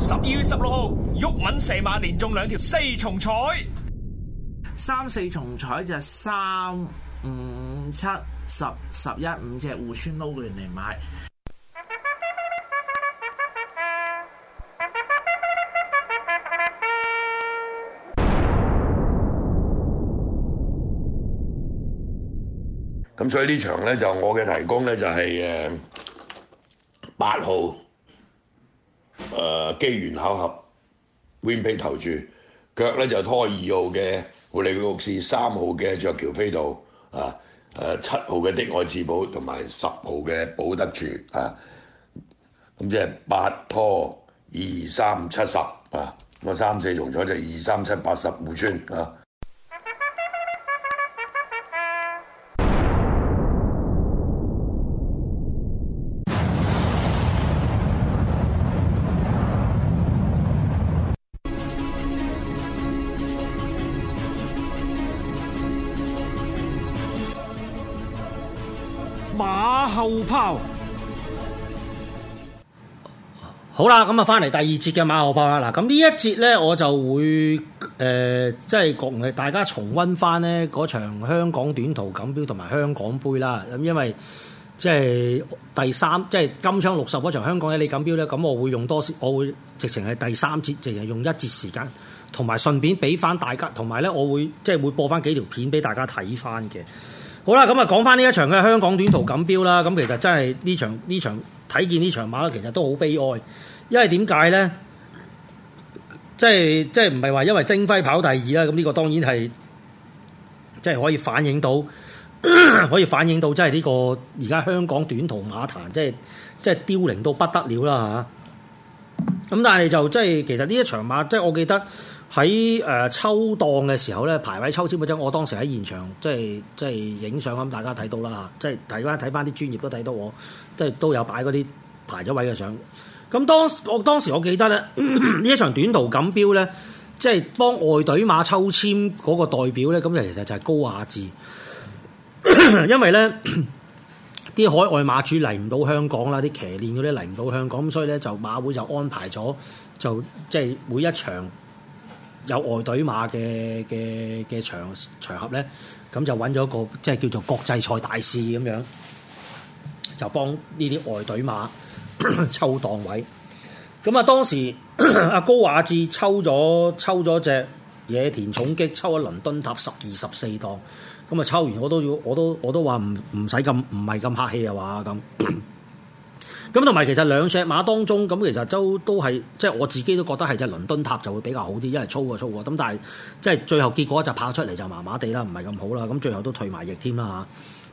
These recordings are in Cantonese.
十二月十六號，毓民四馬連中兩條四重彩，三四重彩就係三五七十十一五隻戶村撈亂嚟買。咁所以呢場咧就我嘅提供咧就係誒八號。誒機緣巧合，温佩投注腳咧就拖二號嘅布利克士，三號嘅雀橋菲度啊，誒七號嘅的，的愛字寶同埋十號嘅保德柱啊，咁即係八拖二三七十啊，我三四重彩就二三七八十互穿啊。後拋，好啦，咁啊，翻嚟第二節嘅馬後炮啦。嗱，咁呢一節呢，我就會誒、呃，即係講大家重温翻呢嗰場香港短途錦標同埋香港杯啦。咁因為即係第三，即係金槍六十嗰場香港嘅一哩錦標呢，咁我會用多，我會直情係第三節，直情用一節時間，同埋順便俾翻大家，同埋呢，我會即係會播翻幾條片俾大家睇翻嘅。好啦，咁啊，講翻呢一場嘅香港短途錦標啦，咁其實真係呢場呢場睇見呢場馬咧，其實都好悲哀，因為點解咧？即係即係唔係話因為徵輝跑第二啦，咁、這、呢個當然係即係可以反映到，咳咳可以反映到，這個，即係呢個而家香港短途馬壇，即係即係凋零到不得了啦吓，咁、啊、但係就即係其實呢一場馬，即係我記得。喺誒抽檔嘅時候咧，排位抽籤嗰陣，我當時喺現場，即係即係影相咁，大家睇到啦嚇，即係大家睇翻啲專業都睇到我，即係都有擺嗰啲排咗位嘅相。咁當我當時我記得咧，呢一場短途錦標咧，即係幫外隊馬抽籤嗰個代表咧，咁就其實就係高雅志，因為咧啲海外馬主嚟唔到香港啦，啲騎練嗰啲嚟唔到香港，咁所以咧就馬會就安排咗，就即係每一場。有外隊馬嘅嘅嘅場場合咧，咁就揾咗個即係叫做國際賽大使咁樣，就幫呢啲外隊馬 抽檔位。咁啊，當時阿 高華志抽咗抽咗隻野田重擊，抽咗倫敦塔十二十四檔。咁啊，抽完我都要我都我都話唔唔使咁唔係咁客氣啊話咁。 咁同埋其實兩隻馬當中，咁其實都都係即係我自己都覺得係隻倫敦塔就會比較好啲，因為粗過粗喎。咁但係即係最後結果就跑出嚟就麻麻地啦，唔係咁好啦。咁最後都退埋役添啦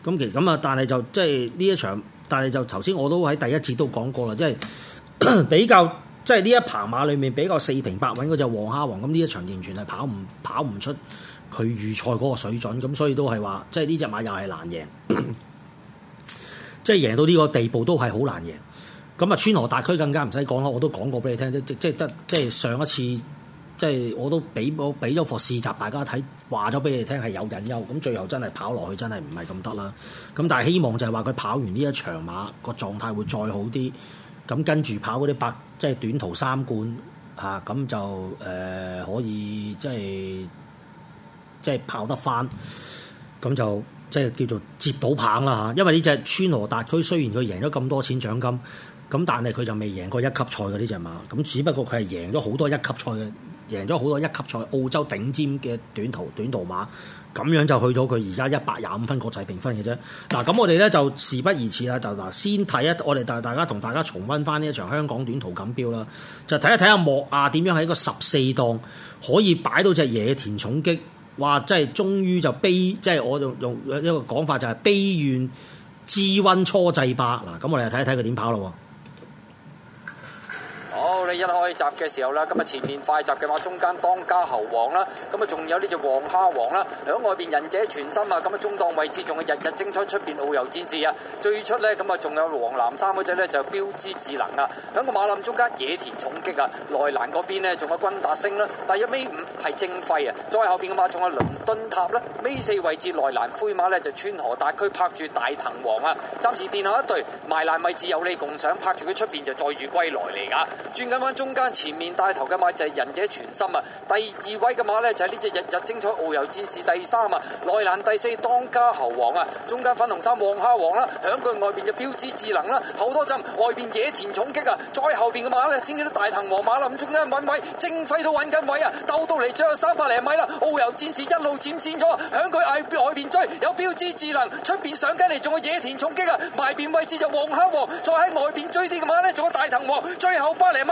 嚇。咁其咁啊，但係就即係呢一場，但係就頭先我都喺第一節都講過啦，即係比較即係呢一棚馬裡面比較四平八穩嗰隻黃蝦王。咁呢一場完全係跑唔跑唔出佢預賽嗰個水準，咁所以都係話即係呢隻馬又係難贏，即係贏到呢個地步都係好難贏。咁啊，川河大區更加唔使講啦，我都講過俾你聽啫，即即即即上一次即我都俾俾咗課試閘大家睇，話咗俾你聽係有隱憂，咁最後真係跑落去真係唔係咁得啦。咁但係希望就係話佢跑完呢一場馬個狀態會再好啲，咁跟住跑嗰啲白，即短途三冠嚇，咁、啊、就誒、呃、可以即即跑得返，咁就即叫做接到棒啦嚇、啊。因為呢隻川河大區雖然佢贏咗咁多錢獎金。咁但係佢就未贏過一級賽嘅呢隻馬，咁只不過佢係贏咗好多一級賽嘅，贏咗好多一級賽澳洲頂尖嘅短途短途馬，咁樣就去到佢而家一百廿五分國際評分嘅啫。嗱、啊，咁我哋咧就事不宜遲啦，就嗱先睇一，我哋大大家同大家重溫翻呢一場香港短途錦標啦，就睇一睇阿莫亞點樣喺一個十四檔可以擺到隻野田重擊，哇！真係終於就悲，即係我用用一個講法就係悲願 G1 初制霸。嗱、啊，咁我哋就睇一睇佢點跑咯。一開閘嘅時候啦，咁啊前面快閘嘅馬，中間當家猴王啦，咁啊仲有呢隻黃蝦王啦，響外邊忍者全身啊，咁啊中檔位置仲係日日精彩出邊遨遊戰士啊，最出咧咁啊仲有黃藍衫嗰隻咧就標誌智能啊，響個馬欄中間野田重擊啊，內欄嗰邊咧仲有軍達星啦，但係尾五係徵費啊，再後邊嘅馬仲有倫敦塔啦，尾四位置內欄灰馬咧就穿河大區拍住大藤王啊，暫時墊後一隊，埋欄位置有利共享，拍住佢出邊就載住歸來嚟噶，專。翻翻中間前面帶頭嘅馬就係仁者全心啊，第二位嘅馬咧就係呢隻日日精彩遨遊戰士，第三啊，內欄第四當家猴王啊，中間粉紅衫黃蝦王啦，響佢外邊就標志智能啦，好多針外邊野田重擊啊，再後邊嘅馬咧先見到大藤王馬啦，咁中間揾位，正輝都揾緊位啊，鬥到嚟仲有三百零米啦，遨遊戰士一路佔線咗，響佢外外邊追，有標志智能，出邊上緊嚟仲有野田重擊啊，埋邊位置就黃蝦王，再喺外邊追啲馬咧，仲有大藤王，最後百零米。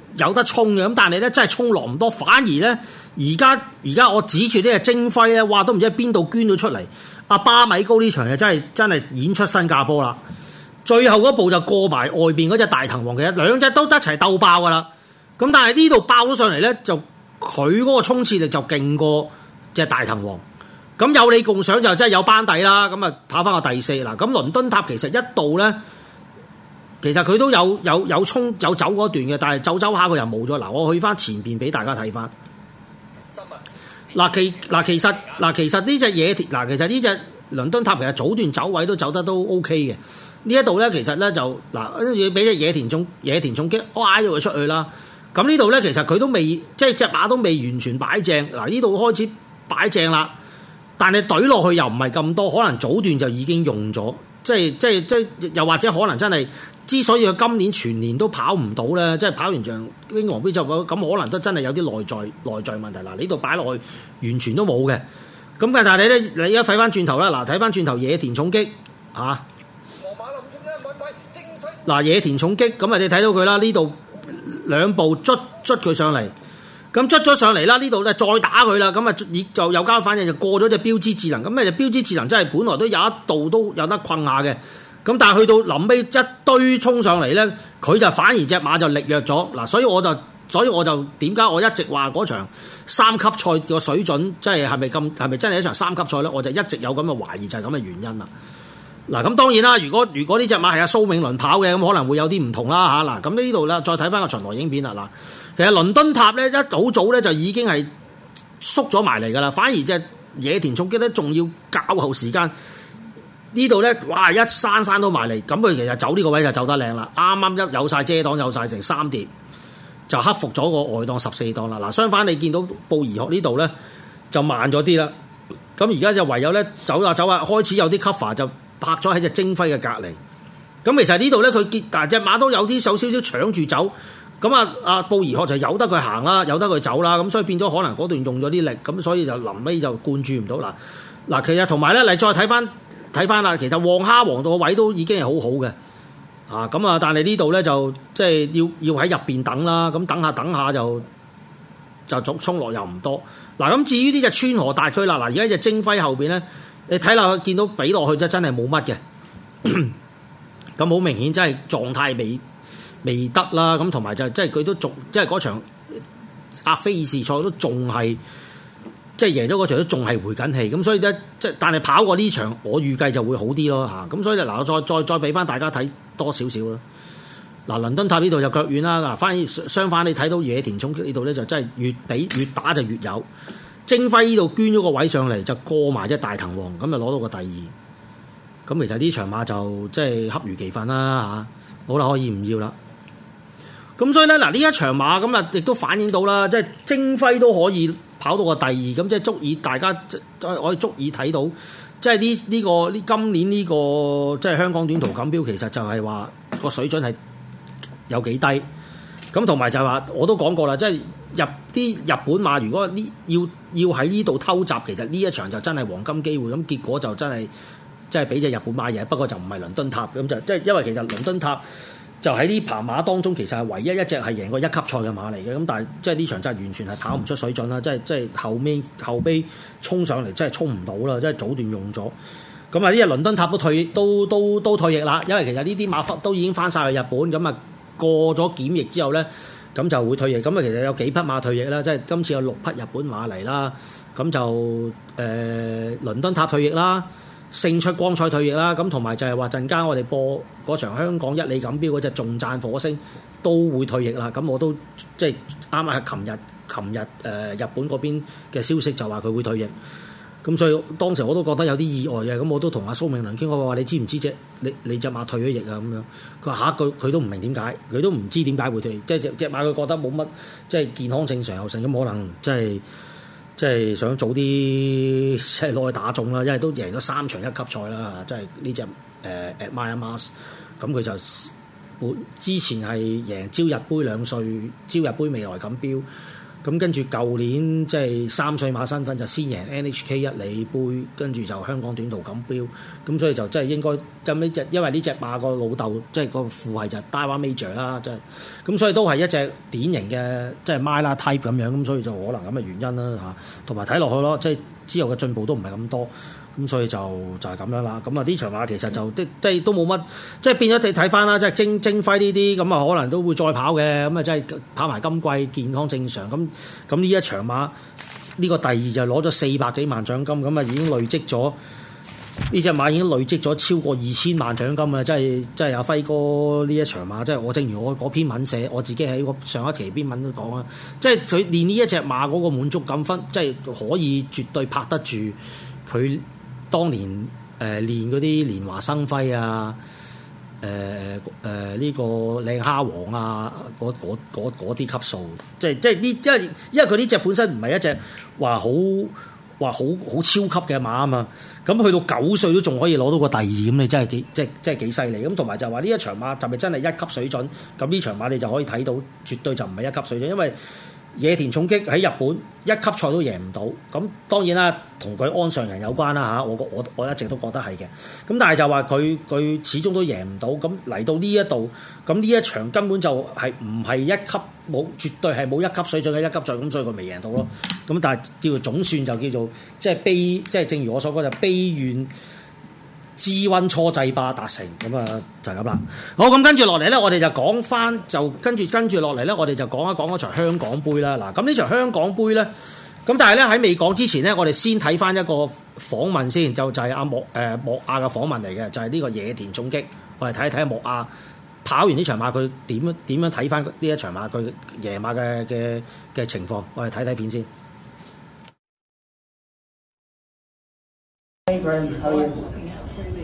有得衝嘅，咁但係咧真係衝落唔多，反而咧而家而家我指住呢隻精輝咧，哇都唔知喺邊度捐咗出嚟。阿巴米高呢場又真係真係演出新加坡啦，最後嗰步就過埋外邊嗰隻大藤王嘅，其實兩隻都一齊鬥爆㗎啦。咁但係呢度爆咗上嚟咧，就佢嗰個衝刺力就勁過隻大藤王。咁有你共賞就真係有班底啦。咁啊跑翻個第四啦，咁倫敦塔其實一度咧。其實佢都有有有衝有走走嗰段嘅，但係走走下佢又冇咗。嗱，我去翻前邊俾大家睇翻。嗱其嗱其實嗱其實呢隻野田嗱其實呢隻倫敦塔其實早段走位都走得都 OK 嘅。呢一度咧其實咧就嗱，俾隻野田衝野田衝擊拉咗佢出去啦。咁呢度咧其實佢都未即係隻馬都未完全擺正。嗱，呢度開始擺正啦，但係懟落去又唔係咁多，可能早段就已經用咗。即係即係即係，又或者可能真係之所以佢今年全年都跑唔到咧，即係跑完場英皇杯就咁，可能都真係有啲內在內在問題。嗱，呢度擺落去完全都冇嘅。咁但係你咧，你而家睇翻轉頭啦，嗱，睇翻轉頭野田重擊嚇，嗱，野田重擊，咁啊你睇到佢啦，呢度兩步卒捽佢上嚟。咁出咗上嚟啦，呢度咧再打佢啦，咁啊就有交反應就過咗隻標誌智能，咁咩就標誌智能真係本來都有一度都有得困下嘅，咁但係去到臨尾一堆衝上嚟咧，佢就反而隻馬就力弱咗嗱，所以我就所以我就點解我一直話嗰場三級賽嘅水準，即係係咪咁係咪真係一場三級賽咧？我就一直有咁嘅懷疑，就係咁嘅原因啦。嗱，咁當然啦，如果如果呢隻馬係阿蘇銘倫跑嘅，咁可能會有啲唔同啦嚇。嗱、啊，咁呢度咧再睇翻個巡邏影片啦，嗱。其實倫敦塔咧一早早咧就已經係縮咗埋嚟噶啦，反而隻野田衝擊咧仲要較後時間，呢度咧，哇，一閂，閂到埋嚟，咁佢其實走呢個位就走得靚啦，啱啱一有晒遮擋，有晒成三碟，就克服咗個外檔十四檔啦。嗱，相反你見到布宜諾呢度咧就慢咗啲啦，咁而家就唯有咧走啊走啊，開始有啲 cover 就拍咗喺隻精輝嘅隔籬。咁其實呢度咧佢見但隻馬都有啲手少少搶住走。咁啊，阿布兒學就由得佢行啦，由得佢走啦，咁所以變咗可能嗰段用咗啲力，咁所以就臨尾就灌注唔到嗱。嗱，其實同埋咧，你再睇翻睇翻啦，其實黃蝦王個位都已經係好好嘅，啊咁啊，但係呢度咧就即係要要喺入邊等啦，咁、啊、等下等下就就續衝落又唔多嗱。咁、啊、至於呢隻川河大區啦，嗱，而家隻精輝後邊咧，你睇落去見到比落去真係冇乜嘅，咁好 明顯真係狀態未。未得啦，咁同埋就即係佢都仲即係嗰場阿菲爾士賽都仲係即係贏咗嗰場都仲係回緊氣，咁所以咧即係但係跑過呢場，我預計就會好啲咯嚇，咁所以就嗱我再再再俾翻大家睇多少少啦。嗱，倫敦塔呢度就腳軟啦，嗱，反而相反你睇到野田沖擊呢度咧就真係越俾越打就越有。精輝呢度捐咗個位上嚟就過埋即係大藤王，咁就攞到個第二。咁其實呢場馬就即係、就是、恰如其分啦嚇，好啦可以唔要啦。咁所以咧，嗱呢一場馬咁啊，亦都反映到啦，即係精輝都可以跑到個第二，咁即係足以大家即我我足以睇到，即係呢呢個呢今年呢、呢個即係香港短途錦標，其實就係話個水準係有幾低。咁同埋就話、係、我都講過啦，即係日啲日本馬如果呢要要喺呢度偷襲，其實呢一場就真係黃金機會。咁結果就真係即係俾隻日本馬贏，不過就唔係倫敦塔咁就即係因為其實倫敦塔。就喺呢排馬當中，其實係唯一一隻係贏過一級賽嘅馬嚟嘅。咁但係，即係呢場真係完全係跑唔出水準啦！即係即係後尾後邊衝上嚟，真係衝唔到啦！即係早段用咗。咁啊，呢隻倫敦塔都退都都都退役啦。因為其實呢啲馬匹都已經返晒去日本，咁啊過咗檢疫之後咧，咁就會退役。咁啊，其實有幾匹馬退役啦。即係今次有六匹日本馬嚟啦，咁就誒、呃、倫敦塔退役啦。勝出光彩退役啦，咁同埋就係話陣間我哋播嗰場香港一里錦標嗰隻重贊火星都會退役啦，咁我都即係啱啱係琴日，琴日誒日本嗰邊嘅消息就話佢會退役，咁所以當時我都覺得有啲意外嘅，咁我都同阿蘇明倫傾過話，你知唔知隻？你你隻馬退咗役啊？咁樣佢話下一句佢都唔明點解，佢都唔知點解會退役，即係隻隻馬佢覺得冇乜即係健康正常後生，咁可能即係。就是。即係想早啲，即係攞去打中啦，因為都贏咗三場一級賽啦，即係呢隻誒 Admire Mars，咁佢就本之前係贏朝日杯兩歲，朝日杯未來錦標。咁跟住舊年即係三歲馬身份就先贏 NHK 一哩杯，跟住就香港短途錦標，咁所以就即係應該咁樣即係因為呢隻馬個老豆即係個父系就 Daiwa Major 啦，即係咁、就是、所以都係一隻典型嘅即係 Miler Type 咁樣，咁所以就可能咁嘅原因啦嚇，同埋睇落去咯，即係之後嘅進步都唔係咁多。咁、嗯、所以就就係、是、咁樣啦。咁啊呢場馬其實就即即都冇乜，即係變咗你睇翻啦。即係晶晶輝呢啲咁啊，可能都會再跑嘅。咁、嗯、啊，即係跑埋今季健康正常。咁咁呢一場馬呢、這個第二就攞咗四百幾萬獎金。咁啊已經累積咗呢隻馬，已經累積咗超過二千萬獎金啊！即係即係阿輝哥呢一場馬，即係我正如我嗰篇文寫我自己喺上一期篇文都講啊，即係佢練呢一隻馬嗰個滿足感分，即係可以絕對拍得住佢。當年誒、呃、練嗰啲年華生輝啊，誒誒呢個靚蝦王啊，嗰啲級數，即係即係呢，因為因為佢呢隻本身唔係一隻話好話好好，好，好超級嘅馬啊嘛，咁去到九歲都仲可以攞到個第二，咁你真係幾即係即係幾犀利咁，同埋就話呢一場馬就咪真係一級水準，咁呢場馬你就可以睇到，絕對就唔係一級水準，因為。野田重擊喺日本一級賽都贏唔到，咁當然啦，同佢鞍上人有關啦嚇，我我我一直都覺得係嘅。咁但係就話佢佢始終都贏唔到，咁嚟到呢一度，咁呢一場根本就係唔係一級冇，絕對係冇一級水準嘅一級賽，咁所以佢未贏到咯。咁但係叫做總算就叫做即係悲，即係正如我所講就悲怨。智溫初制霸達成，咁啊就係咁啦。好，咁跟住落嚟咧，我哋就講翻，就跟住跟住落嚟咧，我哋就講一講嗰場香港杯啦。嗱，咁呢場香港杯咧，咁但係咧，喺未講之前咧，我哋先睇翻一個訪問先，就就係阿、啊、莫誒、呃、莫亞嘅訪問嚟嘅，就係、是、呢個野田重擊。我哋睇一睇阿莫亞跑完呢場馬，佢點樣點樣睇翻呢一場馬佢野馬嘅嘅嘅情況。我哋睇睇片先。Hey,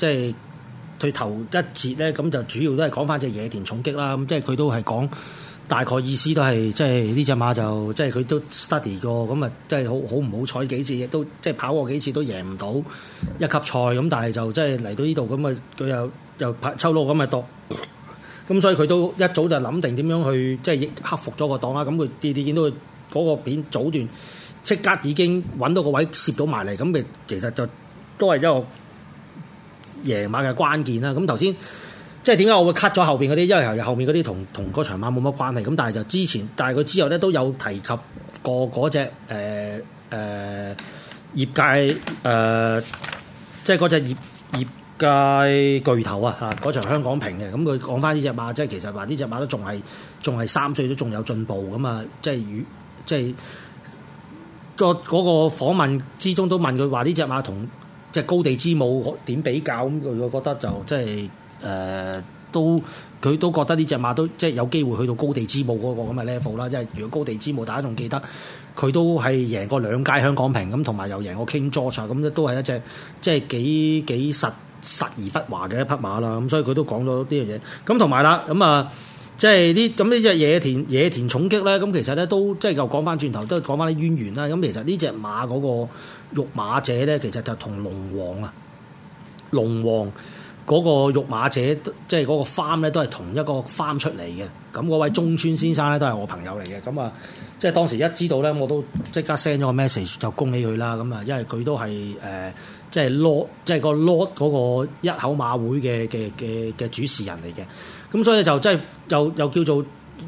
即係佢頭一節咧，咁就主要都係講翻隻野田重擊啦。咁即係佢都係講大概意思都，都係即係呢隻馬就即係佢都 study 過，咁啊，即係好好唔好彩幾次，亦都即係跑過幾次都贏唔到一級賽。咁但係就即係嚟到呢度，咁啊佢又又抽到咁嘅毒。咁所以佢都一早就諗定點樣去即係克服咗個檔啦。咁佢啲啲見到佢嗰個片早段即刻已經揾到個位攝到埋嚟，咁佢其實就都係一個。贏馬嘅關鍵啦，咁頭先即係點解我會 cut 咗後邊嗰啲？因為後面嗰啲同同嗰場馬冇乜關係。咁但係就之前，但係佢之後咧都有提及過嗰隻誒誒業界誒、呃，即係嗰隻業業界巨頭啊！嚇嗰場香港評嘅，咁佢講返呢隻馬，即係其實話呢隻馬都仲係仲係三歲都仲有進步咁啊、嗯！即係與即係個嗰個訪問之中都問佢話呢隻馬同。即係高地之舞，點比較咁？佢覺得就即係誒都佢都覺得呢隻馬都即係有機會去到高地之舞嗰個咁嘅 level 啦。即係如果高地之舞，大家仲記得佢都係贏過兩屆香港瓶咁，同埋又贏過 King George 咁，都係一隻即係幾幾實實而不華嘅一匹馬啦。咁所以佢都講咗呢樣嘢。咁同埋啦，咁啊～即係呢，咁呢隻野田野田重擊咧，咁其實咧都即係就講返轉頭，都講返啲淵源啦。咁其實呢隻馬嗰個育馬者咧，其實就同龍王啊，龍王嗰個育馬者即係嗰個 farm 咧，都係同一個 farm 出嚟嘅。咁嗰位中村先生咧都係我朋友嚟嘅。咁啊，即係當時一知道咧，我都即刻 send 咗個 message 就恭喜佢啦。咁啊，因為佢都係誒、呃、即係 load 即係個 load 嗰個一口馬會嘅嘅嘅嘅主持人嚟嘅。咁所以就真係又又叫做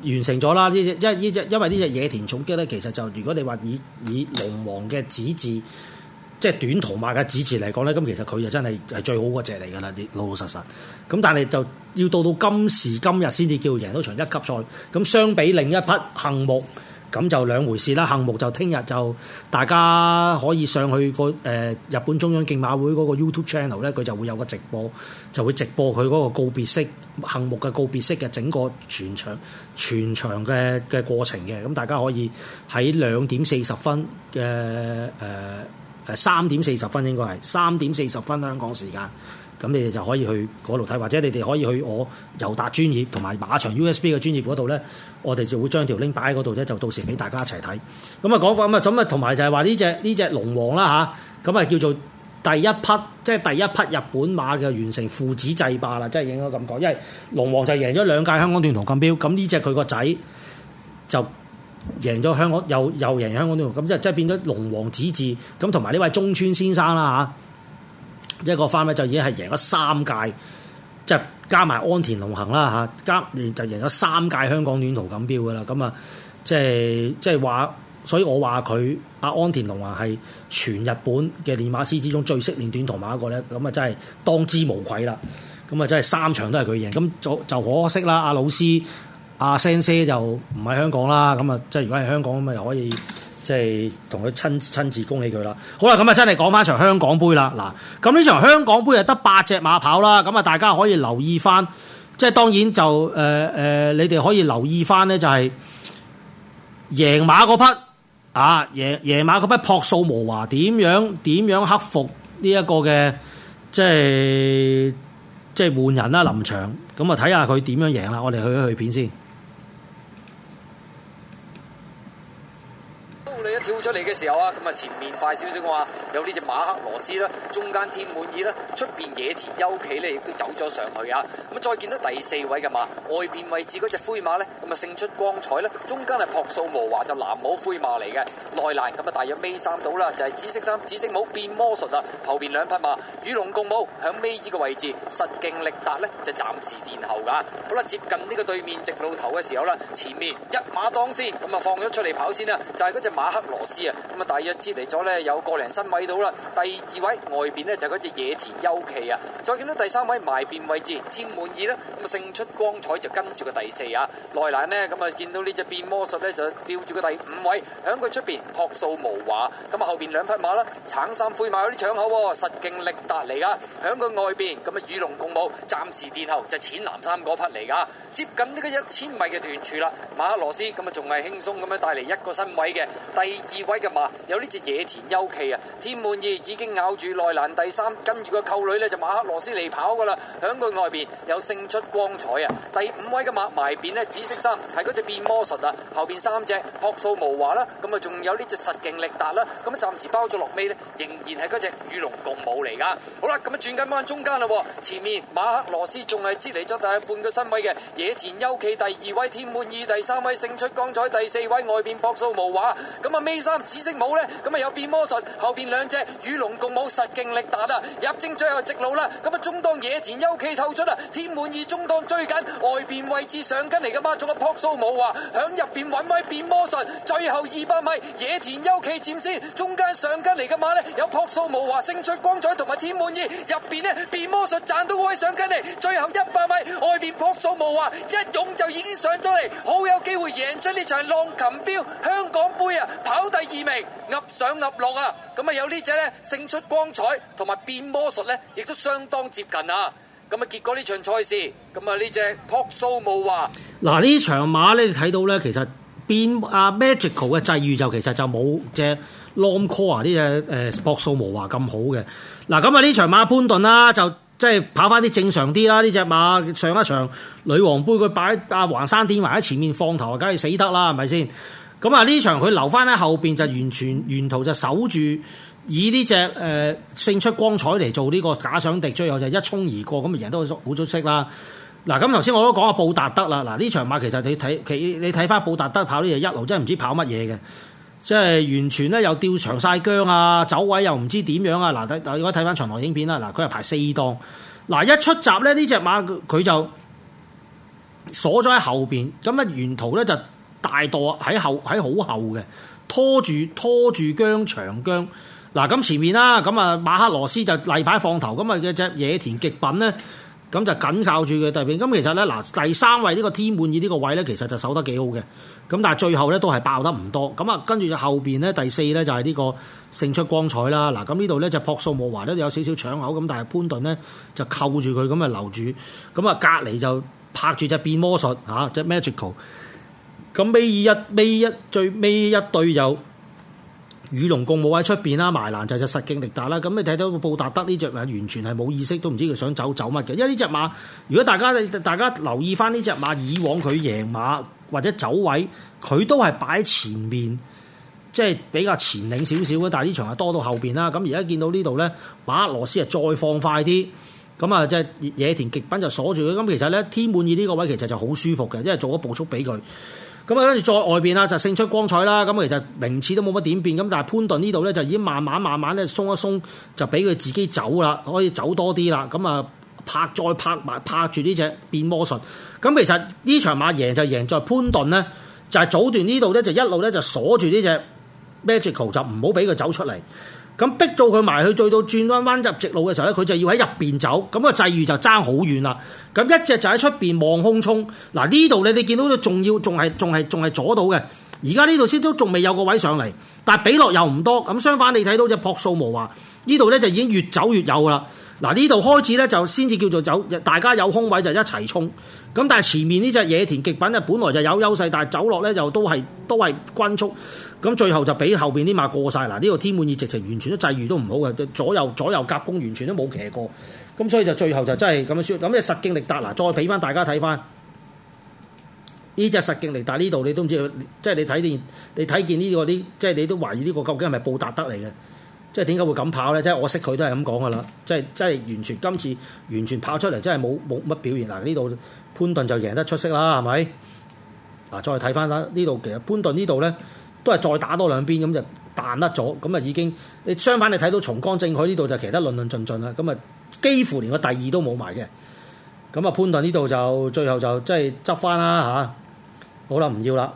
完成咗啦！呢隻因呢隻因為呢隻野田重擊咧，其實就如果你話以以龍王嘅指字，即係短途馬嘅指字嚟講咧，咁其實佢就真係係最好嗰隻嚟㗎啦！老老實實。咁但係就要到到今時今日先至叫贏到場一級賽。咁相比另一匹幸木。咁就兩回事啦。項目就聽日就大家可以上去、嗰個誒、呃、日本中央競馬會嗰個 YouTube channel 咧，佢就會有個直播，就會直播佢嗰個告別式項目嘅告別式嘅整個全場全場嘅嘅過程嘅。咁大家可以喺兩點四十分嘅，誒誒，三點四十分，應該係三點四十分香港時間。咁你哋就可以去嗰度睇，或者你哋可以去我尤達專業同埋馬場 USB 嘅專業嗰度咧，我哋就會將條 link 擺喺嗰度咧，就到時俾大家一齊睇。咁啊講翻咁啊，咁啊同埋就係話呢隻呢隻龍王啦吓，咁啊叫做第一匹，即係第一匹日本馬嘅完成父子制霸啦，即係應該咁講，因為龍王就贏咗兩屆香港短途錦標，咁呢隻佢個仔就贏咗香港又又贏香港短途咁即係即係變咗龍王子治。咁同埋呢位中村先生啦嚇。啊一個翻咧就已經係贏咗三屆，即係加埋安田龍行啦嚇，加就贏咗三屆香港短途錦標噶啦，咁啊、就是、即係即係話，所以我話佢阿安田龍華係全日本嘅練馬師之中最識練短途馬一個咧，咁啊真係當之無愧啦，咁啊真係三場都係佢贏，咁就就可惜啦，阿老師阿 s e n s 就唔喺香港啦，咁啊即係如果係香港咁啊可以。即係同佢親親自恭喜佢啦。好啦，咁啊，真係講翻場香港杯啦。嗱，咁呢場香港杯啊，得八隻馬跑啦。咁啊，大家可以留意翻，即係當然就誒誒、呃呃，你哋可以留意翻呢、就係，就係贏馬嗰匹啊，贏贏馬嗰匹樸素無華，點樣點樣克服呢一個嘅即係即係換人啦，臨場咁啊，睇下佢點樣贏啦。我哋去一去片先。時候啊，咁啊前面快少少話，有呢隻馬克羅斯啦，中間添滿意啦，出邊野田丘企咧，亦都走咗上去啊。咁再見到第四位嘅馬，外邊位置嗰隻灰馬咧，咁啊勝出光彩啦。中間係樸素無華就藍帽灰馬嚟，嘅內欄，咁啊大約尾三到啦，就係、是、紫色衫、紫色帽變魔術啊。後邊兩匹馬與龍共舞，響尾二嘅位置，實勁力達咧就暫時殿後噶。好啦，接近呢個對面直路頭嘅時候啦，前面一馬當先，咁啊放咗出嚟跑先啦，就係嗰隻馬克羅斯啊。咁啊，大約接嚟咗呢，有個零身位到啦。第二位外邊呢，就嗰隻野田優奇啊，再見到第三位埋邊位置天滿意啦，咁啊勝出光彩就跟住個第四啊內欄呢，咁啊見到呢隻變魔術呢，就吊住個第五位，響佢出邊樸素無華。咁啊後邊兩匹馬啦，橙衫灰馬有啲搶口，實勁力達嚟噶，響佢外邊咁啊與龍共舞，暫時殿後就淺、是、藍衫嗰匹嚟噶，接近呢個一千米嘅段柱啦。馬克羅斯咁啊仲係輕鬆咁樣帶嚟一個身位嘅第二位嘅。有呢隻野田優奇啊，天滿意已經咬住內欄第三，跟住個扣女呢就馬克羅斯嚟跑噶啦，響佢外邊有勝出光彩啊！第五位嘅馬埋便呢紫色衫，係嗰隻變魔術啊，後邊三隻樸素無華啦、啊，咁啊仲有呢隻實勁力達啦、啊，咁、嗯、暫時包咗落尾呢，仍然係嗰隻與龍共舞嚟噶。好啦，咁、嗯、啊轉緊翻中間啦、啊，前面馬克羅斯仲係支離咗大半個身位嘅野田優奇。第二位，天滿意，第三位勝出光彩，第四位外邊樸素無華，咁、嗯、啊尾三色舞咧，咁啊有變魔術，後邊兩隻與龍共舞，實勁力大啊！入正最後直路啦，咁啊中檔野田優騎透出啊，天滿意中檔追緊外邊位置上緊嚟嘅馬，仲有樸素無華響入邊搵位變魔術，最後二百米野田優騎佔先，中間上緊嚟嘅馬咧有樸素無華勝出光彩同埋天滿意，入邊咧變魔術賺到位上緊嚟，最後一百米外邊樸素無華一湧就已經上咗嚟，好有機會贏出呢場浪琴表香港杯啊，跑第二名。噉、嗯、上立落啊！咁啊有呢隻咧勝出光彩，同埋變魔術咧，亦都相當接近啊！咁啊，結果呢場賽事，咁啊呢隻樸素無華嗱呢場馬咧，你睇到咧，其實變阿、啊、Magical 嘅際遇就其實就冇隻 Longcore 呢隻誒樸素無華咁好嘅嗱。咁啊呢場馬潘頓啦，就即係跑翻啲正常啲啦。呢隻馬上一場女王杯，佢擺阿橫山殿埋喺前面放頭，梗係死得啦，係咪先？咁啊！呢場佢留翻喺後邊就完全沿途就守住，以呢隻誒勝出光彩嚟做呢個假想敵，最後就一衝而過，咁咪贏都好好出色啦。嗱、啊，咁頭先我都講阿布達德啦。嗱，呢場馬其實你睇其你睇翻布達德跑呢就一路真係唔知跑乜嘢嘅，即係完全咧又掉長晒姜啊，走位又唔知點樣啊。嗱，大家睇翻場內影片啦，嗱、啊，佢係排四檔，嗱、啊、一出閘咧呢隻馬佢就鎖咗喺後邊，咁啊沿途咧就。大舵，喺後，喺好後嘅，拖住拖住姜長姜。嗱咁、啊、前面啦，咁啊馬克羅斯就例牌放頭，咁啊一隻野田極品咧，咁就緊靠住佢側邊，咁其實咧，嗱、啊、第三位呢個天滿意呢個位咧，其實就守得幾好嘅，咁但係最後咧，都係爆得唔多。咁啊跟住就後邊咧，第四咧就係呢個勝出光彩啦。嗱，咁呢度咧，就樸素無華都有少少搶口，咁但係潘頓咧，就扣住佢，咁啊留住，咁啊隔離就拍住隻變魔術嚇隻 Magical。啊咁尾二一尾一最尾一對有與龍共舞喺出邊啦，埋欄就就實勁力打啦。咁你睇到布達德呢隻馬完全係冇意識，都唔知佢想走走乜嘅。因為呢隻馬，如果大家大家留意翻呢隻馬以往佢贏馬或者走位，佢都係擺喺前面，即係比較前領少少嘅。但係呢場係多到後邊啦。咁而家見到呢度咧，馬俄羅斯啊再放快啲，咁啊即係野田極品就鎖住佢。咁其實咧，天滿意呢個位其實就好舒服嘅，因為做咗步速俾佢。咁啊，跟住再外邊啦，就勝出光彩啦。咁其實名次都冇乜點變。咁但係潘頓呢度咧，就已經慢慢慢慢咧鬆一鬆，就俾佢自己走啦，可以走多啲啦。咁啊，拍再拍埋拍住呢隻變魔術。咁其實呢場馬贏就贏在潘頓咧，就係、是、早段呢度咧就一路咧就鎖住呢隻 Magical，就唔好俾佢走出嚟。咁逼到佢埋去，再到轉彎彎入直路嘅時候咧，佢就要喺入面走，咁個際遇就爭好遠啦。咁一隻就喺出面望空衝，嗱，呢度你你見到佢仲要仲係仲係仲係阻到嘅。而家呢度先都仲未有個位上嚟，但係比落又唔多，咁相反你睇到隻朴素無華，呢度咧就已經越走越有啦。嗱，呢度開始咧就先至叫做走，大家有空位就一齊衝。咁但係前面呢隻野田極品咧，本來就有優勢，但係走落咧就都係都係均速。咁最後就俾後邊啲馬過晒。嗱，呢個天滿意直情完，完全都際遇都唔好嘅，左右左右夾攻完全都冇騎過。咁所以就最後就真係咁樣輸。咁誒實勁力達嗱，再俾翻大家睇翻。呢隻實勁嚟，但係呢度你都唔知，即係你睇見你睇見呢個啲，即係你都懷疑呢個究竟係咪布達德嚟嘅？即係點解會咁跑咧？即係我識佢都係咁講㗎啦，即係即係完全今次完全跑出嚟，真係冇冇乜表現。嗱，呢度潘頓就贏得出色啦，係咪？嗱，再睇翻啦，呢度其實潘頓呢度咧都係再打多兩邊咁就彈甩咗，咁啊已經你相反你睇到松江正海呢度就騎得論論盡盡啦，咁啊幾乎連個第二都冇埋嘅。咁啊潘頓呢度就最後就即係執翻啦嚇。啊好啦，唔要啦。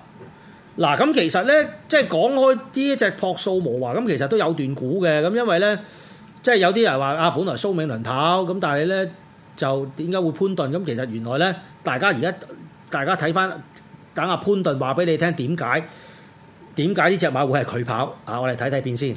嗱、啊，咁其實咧，即係講開呢一隻樸素無華，咁其實都有段股嘅。咁因為咧，即係有啲人話啊，本來蘇美倫跑，咁但係咧就點解會潘頓？咁、啊、其實原來咧，大家而家大家睇翻，等阿潘頓話俾你聽點解？點解呢隻馬會係佢跑？啊，我哋睇睇邊先。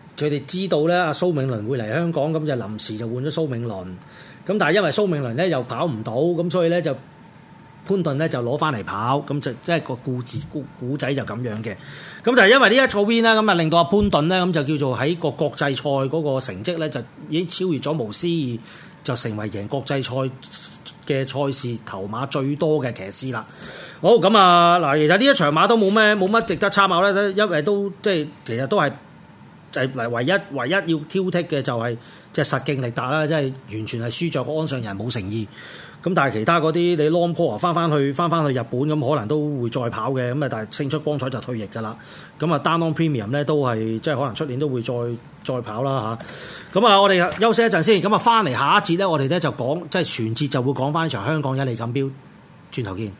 佢哋知道咧，阿蘇銘倫會嚟香港，咁就臨時就換咗蘇銘倫。咁但係因為蘇銘倫咧又跑唔到，咁所以咧就潘頓咧就攞翻嚟跑。咁就即係個故故故仔就咁樣嘅。咁就係因為呢一套邊啦，咁啊令到阿潘頓咧，咁就叫做喺個國際賽嗰個成績咧，就已經超越咗無思意，就成為贏國際賽嘅賽事頭馬最多嘅騎師啦。好，咁啊嗱，其實呢一場馬都冇咩冇乜值得參考咧，因為都即係其實都係。就係唯一唯一要挑剔嘅就係即係實勁力打啦，即係完全係輸在個安上人冇誠意。咁但係其他嗰啲你 Long Power 翻翻去翻翻去日本咁，可能都會再跑嘅。咁啊，但係勝出光彩就退役㗎啦。咁啊，Danon Premium 咧都係即係可能出年都會再再跑啦吓，咁啊，我哋休息一陣先。咁啊，翻嚟下一節咧，我哋咧就講即係全節就會講翻一場香港一哩錦標。轉頭見。